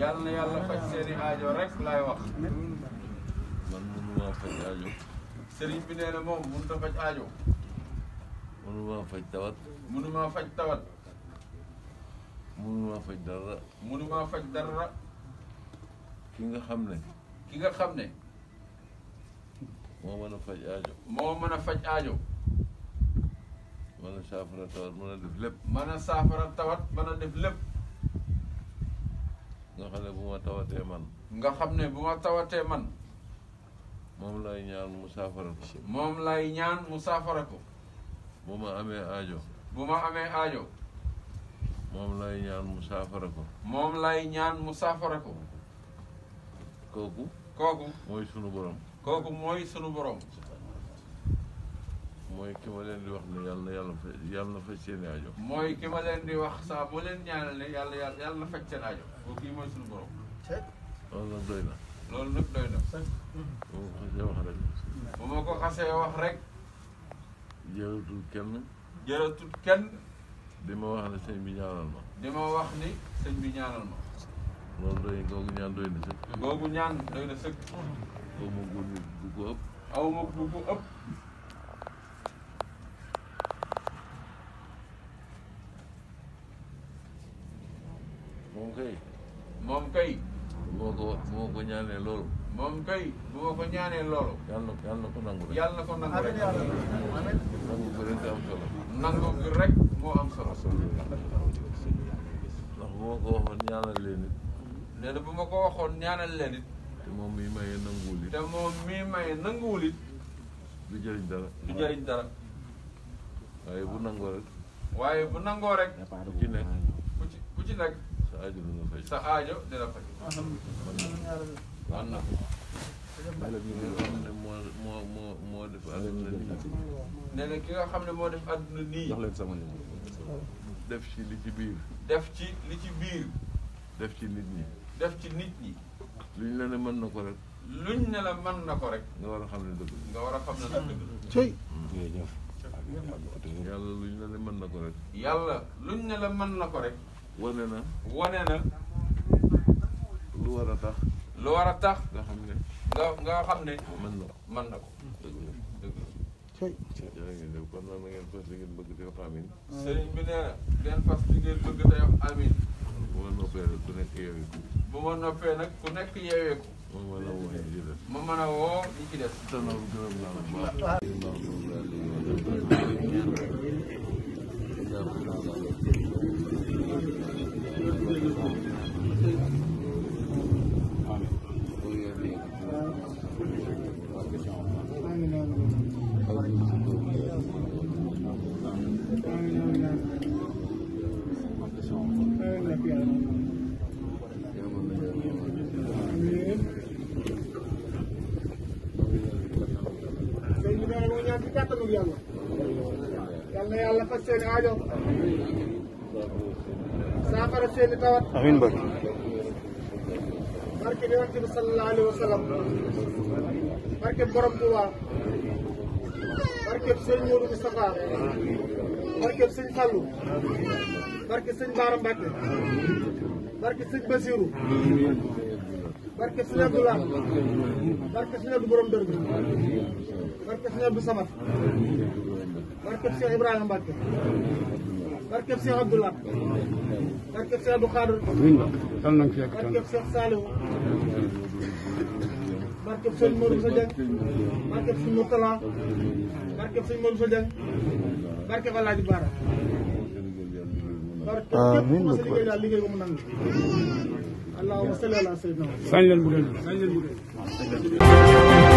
yàlla na yàlla faj seeni aajo rek laay wax. man mënumaa faj aajo. sëriñ bi nee na moom mënut a faj aajo. mënumaa faj tawat. mënumaa faj tawat. mënumaa faj dara. faj dara. ki nga xam ne. ki nga xam ne. moo mën a faj aajo. moo mën a faj aajo. mën a saafara tawat mën a def lépp. saafara tawat mën def lépp. nga xam ne bu ma tawatee man. nga xam ne bu ma tawatee man. moom lay ñaan mu saafara ko. moom lay ñaan mu saafara ko. bu ma amee bu ma amee aajo. moom lay ñaan mu saafara ko. moom lay ñaan mu saafara ko. kooku. kooku mooy sunu borom. kooku mooy sunu borom. mooy ki ma leen di wax ne yàlla na yàlla yàlla na faj seen aajo. mooy ki ma leen di wax saa boo leen ñaanal ne yàlla yàlla yàlla na faj seen aajo. boobu kii mooy suñu borom. loolu nag doy na. ko xasee wax rek. bu kenn. di ma wax ne sëñ bi ñaanal wax ni sëñ bi ñaanal ma. sëkk. googu ñaan doy na sëkk. aw ma gu gu ëpp. aw ma gu ëpp. moom kay. moom kay. bu ma ko bu ma ko ñaanee loolu. moom kay bu ma ko ñaanee loolu. yàlla na yàlla na ko nangu rek. yàlla na ko nangu rek. nangu ko rek am solo. nangu ko rek moo am solo. ndax bu ma ko waxoon ñaanal leen it. nee na bu ma ko waxoon ñaanal leen it. te moom mii maye nanguwul it. te moom mii maye nanguwul it. du jëriñ dara. du jëriñ dara. waaye bu nangoo rek. waaye bu nangoo rek. ku ci nekk ku ci ku ci nekk. aajo dana faj sa aajo dina faj. am na ko. ne moo moo moo def àdduna nii. nee na ki nga xam ne moo def àdduna nii. jox leen sama def ci li ci def ci li ci def ci nit ñi. def ci nit ñi. luñ ne mën na ko rek. luñ ne la na ko rek. nga war a xam ne dëgg nga war a xam ne nag mën na ko rek. yàlla luñ ne la mën na ko rek. wane na wane na lu war a tax lu war a tax nga xam ne nga nga xam ne mën na ko na ko dëgg la dëgg la jërëjëf kon nag na ngeen fas li ngeen bëgg te wax amin sëriñ bi nee na ngeen fas li ngeen bëgg te wax amin bu ma noppee nag ku nekk yeeweeku bu ma noppee nag nekk yeeweeku ma mën a woo li ci des ma mën a woo li ci yàlla yàlla fas seen aajo saafara seen tawat amiin barke barke bi yonent bi sallallahu alayhi wa sallam barke borom Tuuba barke sëñ Moodu Mustafa barke sëñ Fallu barke sëñ Baara Mbacke barke sëñ Basiru barke sëñ Abdou Lahad barke sëñ Abdou Borom Dër barke sëñ Abdou Samad barke sëñ Ibrahima Mbacke barke sëñ Abdou Lahad barke sëñ Abdou Khadr barke sëñ Saliou barke sëñ Modou Sa Dieng barke sëñ Mourtala barke sëñ Modou Sa Dieng barke Alaaji Baara amiin ba ko allahumma salli ala sayyidina